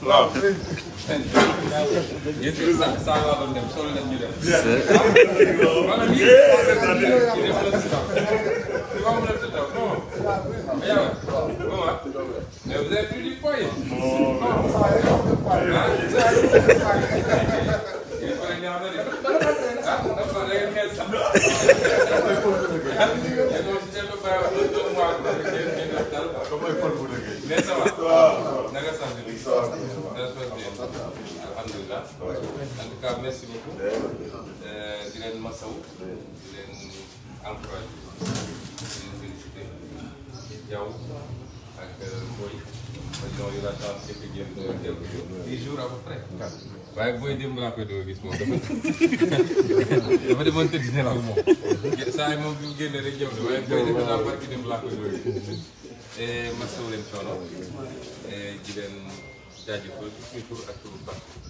waaw. yéen si saa saa laa doon dem solo dem ñu dem. waaw merci beaucoup euh, di leen masaw di leen encouragé di leen félicité yow ak euh, Boy ñoo yor la chance yëpp ngeen doon teew dix jours à peu près. waaye Boy démb laa koy doon gis moom dafa dafa demoon tëdd nelaw moom saa yi moom bi mu génnee rek ñëw na waaye Boy defe naa barki démb laa koy doon gis. Eh, masawu leen coono eh, di leen jaajëfal suñu tur ak turu baax.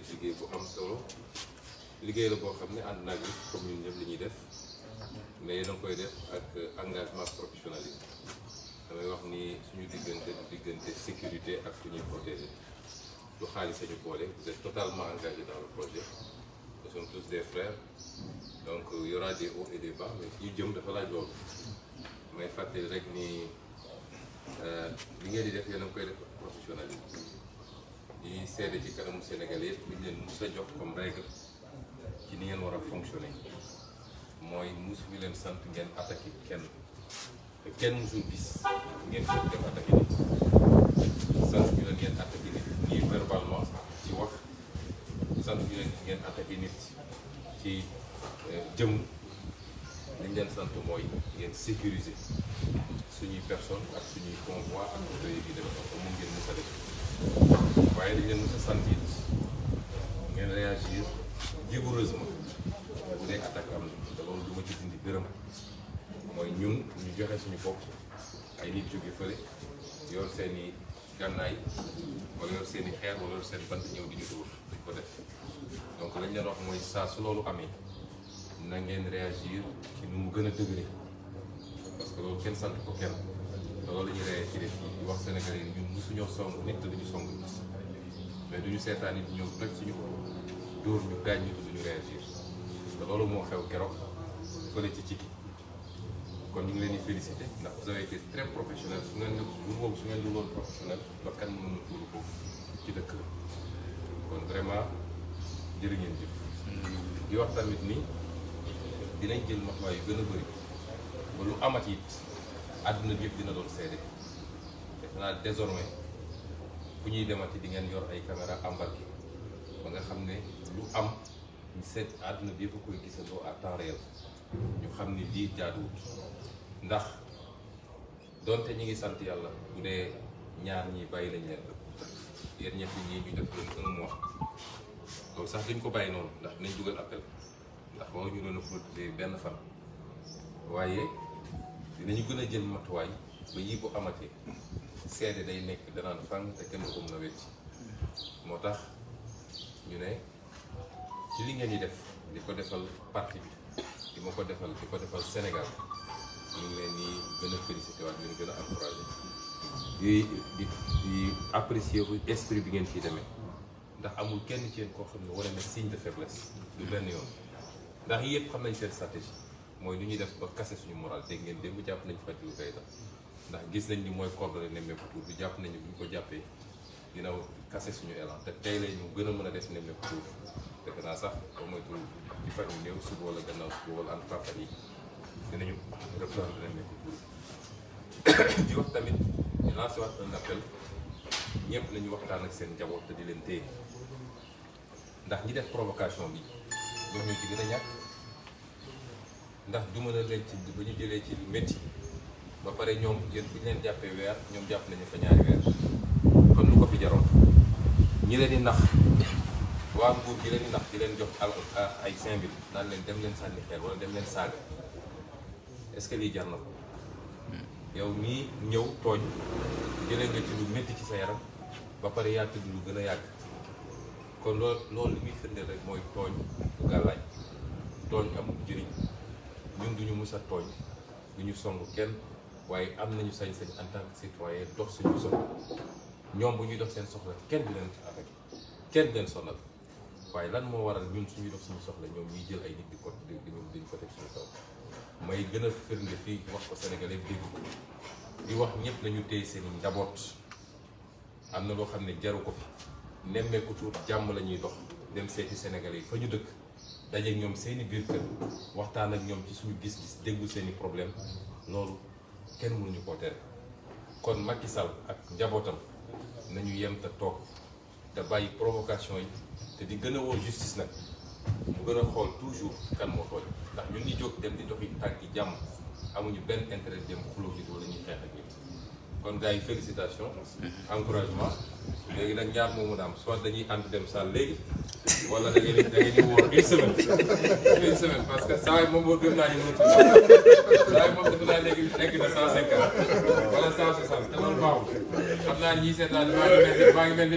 def liggéey bu am solo liggéey la boo xam ne ànd naag yëpp comme ñun ñëpp li ñuy def mais yéen a koy def ak engagement professionnalisme damay wax ni suñu diggante du diggante sécurité ak suñuy protéger lu xaalis sañu boole vous totalement engagé dans le projet nous sommes tous des frères donc euh, y aura des hauts et mais fi jëm dafa laaj loolu may fàttali rek nii euh, li ngeen di def yéen a koy def professionnalisme di seede ci kanamu Sénégal yëpp bu ñu leen mus a jox comme règle ci ni ngeen war a fonctionner mooy mus ñu leen sant ngeen attaqué kenn te kenn musul gis ngeen jot def attaqué nit sant ñu leen ngeen ci wax sant ñu leen ngeen attaqué nit ci euh, jëm liñ leen sant mooy ngeen sécuriser suñuy personne ak suñuy convoi ak oto yi di def ko mun ngeen musale waaye dañ leen mos a sant it ngeen réagir vigoureusement bu nekk attaque am na loolu du ma ci dindi mooy ñun ñu joxe suñu bopp ay nit jóge fële yor seen gànnaay wala yor seen xeer wala yor seen bant ñëw di ñu dóor dañ ko def donc lañ leen wax mooy saa su loolu amee na réagir ci nu mu gën a dëgëre parce que loolu kenn sant ko kenn. te loolu la ñuy reyee ci def yi wax Sénégalais yi ñun mosuñoo song nit duñu song nit mais duñu seetaan nit ñëw toj suñu ko dóor ñu gaañ ñu duñu réagir te loolu moo xew keroog fële ci ciki kon ñu ngi leen di ndax vous avez été professionnel su ngeen def jour professionnel ba kan mënoon na tuuru foofu ci dëkk la kon vraiment jërë ngeen jëf wax tamit ni dinañ jël matuwaay yu gën a bëri ba lu amat it àdduna bi yëpp dina doon seede def naa désormais fu ñuy demati di ngeen yor ay caméra embarqué ba nga xam ne lu am ñu seet àdduna bi yëpp a koy gisandoo à temps ñu xam ni lii jaaduwut ndax donte ñi ngi sant yàlla bu dee ñaar ñi bàyyi lañ leen yéen ñett ñii ñu def leen un mois loolu sax dañ ko bàyyi noonu ndax dinañ dugal appel ndax waruñu doon a benn fan waaye ñu gën a jël matuwaay ba yi bu amatee seede day nekk danaan fànn te kenn ko mën a moo tax ñu ne ci li ngeen di def di ko defal parti bi di ma ko defal di ko defal Sénégal ñu ngi leen di gën a félicité waat bu esprit bi ngeen ciy demee ndax amul kenn ci yéen koo xam ne wane na signe de faiblesse du benn yoon ndax yëpp xam nañ seen stratégie mooy nu ñuy def ba kase suñu moral dégg ngeen démb jàpp nañu Fatou Keita ndax gis nañ ni mooy coordonné nemmeeku tuur bi jàpp nañu bu ñu ko jàppee dina kase suñu élan te tey la ñu gën a mën a def nemmeeku tuur fekk naa sax ba moytuwul ci fan néew suba wala gannaaw suba wala en tout cas yi dinañu reprendre nemmeeku tuur di wax tamit di lancer waat un appel ñëpp nañu waxtaan ak seen njaboot te di leen téye ndax ñi def provocation bi ñoo ñu ci gën a ndax du mën a leen ci ba ñu jëlee ci métti ba pare ñoom yéen fu ñu leen jàppee weer ñoom jàpp nañu fa ñaari weer kon lu ko fi jaroon ñi leen di nax waa nguur gi leen di nax leen jox al euh, ay cinq mille leen dem leen sànni xeer wala dem leen est-ce que lii jar yow nii ñëw tooñ jëlee nga ci lu ci sa yaram ba pare yaa tudd gën a yàgg kon loolu li muy firndeel rek mooy tooñ du gàllaaj tooñ amul njëriñ ñun duñu mus a tooñ duñu song kenn waaye am nañu sañ-sañ en tant que citoyen dox suñu soxla ñoom bu ñuy dox seen soxla kenn du leen attaqué kenn du leen sonal waaye lan moo waral ñun suñuy dox suñu soxla ñoom ñuy jël ay nit di ko di di ko teg suñu kaw may gën a firnde fii wax ko sénégalais dégg ko di wax ñëpp lañu téye seen njaboot am na loo xam ne jaru ko fi nemmeeku tuut jàmm la dox dem seeti sénégalais yi fa ñu dëkk. dajeeg ñoom seeni biir kër waxtaan ak ñoom ci suñu gis-gis déggu seeni problème loolu kenn mënuñu koo tere kon Macky sal ak njabootam nañu yem toog te bàyyi provocation yi te di gën a woo justice nag mu gën a xool toujours kan moo tooñ ndax ñun ñi jóg dem di doxi tànki jàmm amuñu benn intérêt dem xuloo nit wala ñuy xeex ak nit kon gars yi félicitations encouragement léegi nag ñaar moomu na am soit dañuy ànd dem salle léegi wala da ngeen da di wóor une semaine parce que saa yi moom boo gëm naa ni moom saa yi moom def naa léegi nekk na cent cinquante wala cent soixante te loolu baaxul xam naa ñii seetaan maa ngi mel ni maa ngi mel ni